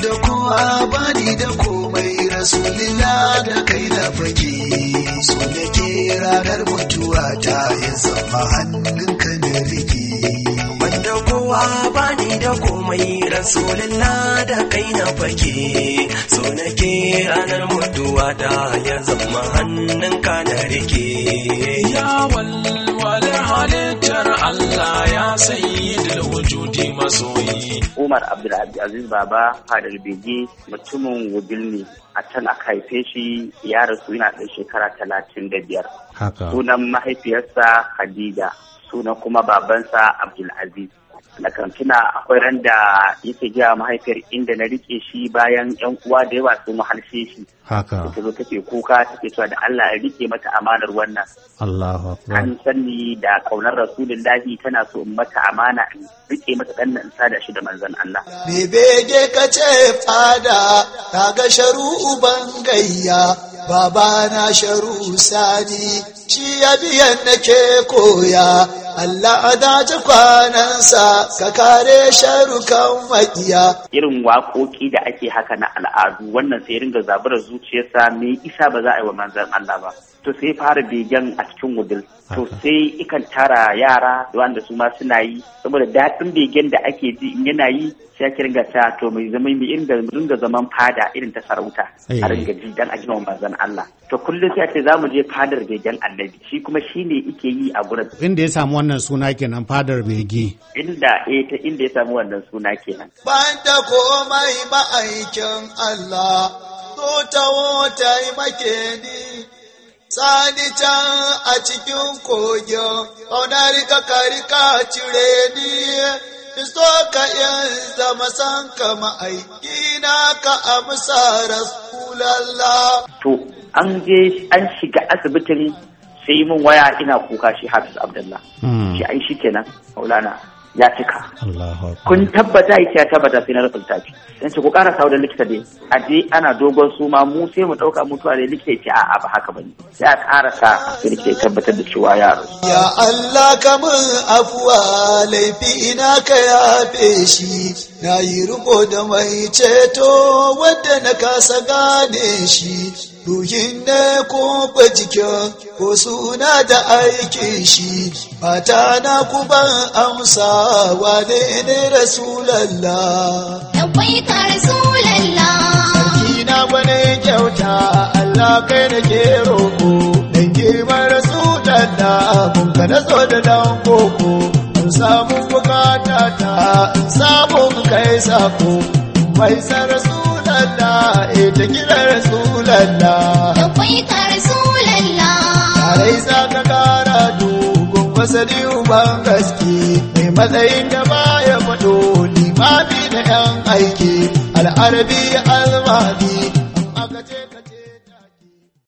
da kowa bani da komai rasulina da kai na fake so ke ranar mutuwa ta ya zama hannunka na rike wanda kowa bani da komai rasulina da kai na fake so ke ranar mutuwa ta ya zama hannunka na rike ya walwala halittar Allah ya sayi da wujudi masoyi Umar Abdulaziz Baba Fadar Bege mutumin Wubilni a can aka haife shi ya rasu yana ɗan shekara talatin da biyar. Sunan mahaifiyarsa Khadija, sunan kuma babansa Aziz. na kantuna akwai ran da yake jiya mahaifiyar inda na rike shi bayan yan uwa da yawa sun harshe shi haka ta zo take kuka take cewa da Allah ya rike mata amanar wannan Allahu akbar an sanni da kaunar rasulullahi tana so in mata amana in rike mata dan nan sada shi da manzon Allah me bege kace fada ga sharu bangayya babana sharu sani shi ya biyan nake koya Allah ji kwanansa ka kare sharukan maƙiya. Irin waƙoƙi da ake haka na al'adu wannan sai ringa zaburar zuciyarsa me isa ba za a yi wa manzan Allah ba. to sai fara begen a cikin wudil to sai ikan tara yara wanda su ma suna yi saboda daɗin begen da ake ji in yana yi sai ake ringa ta to mai zama mai irin da ringa zaman fada irin ta sarauta eh. a ringa ji dan a jima manzon Allah to kullum sai ce zamu je fadar begen annabi shi kuma shi ne ike yi a gurin inda ya samu wannan suna kenan fadar bege inda eh ta inda ya samu wannan suna kenan ban ta komai ma'aikin Allah to tawo taimake ni sani can a cikin kogin ƙaunar kakari ka cire ni iso ka in zama san ka ma'aiki na ka amsa rasulallah. To, an je an shiga asibitin sai mun waya ina kuka shi Hafiz Abdullah. Hmm. Shi an shi kenan, Maulana. ya cika kun tabbata yake ya tabbata sai na rubuta ki dan ce ku ƙara sawo da likita dai a je ana dogon suma mu sai mu ɗauka mutuwa da likita ya ce a ba haka ba ne, sai a ƙara sa sai likita ya tabbatar da cewa ya ya Allah ka min afuwa laifi ina ka yafe shi na yi riko da mai ceto wadda na kasa gane shi Ruhin ne ko jikin ko suna da aiki shi, fata na kuma amsa wane ne Rasulallah. Yawaita Rasulallah. Sarki na wane kyauta Allah kai na ke roƙo, don girman rasulalla mun ka so da dan koko, mun samu bukata ta, in samu kai sako, mai sa Rasulallah, ita eh, kira rasulalla rasulallah kwaita rasulallah alai za ka kara dogon fasali uban gaske mai matsayin da baya faɗo limafi da yan aiki al'arabi almahdi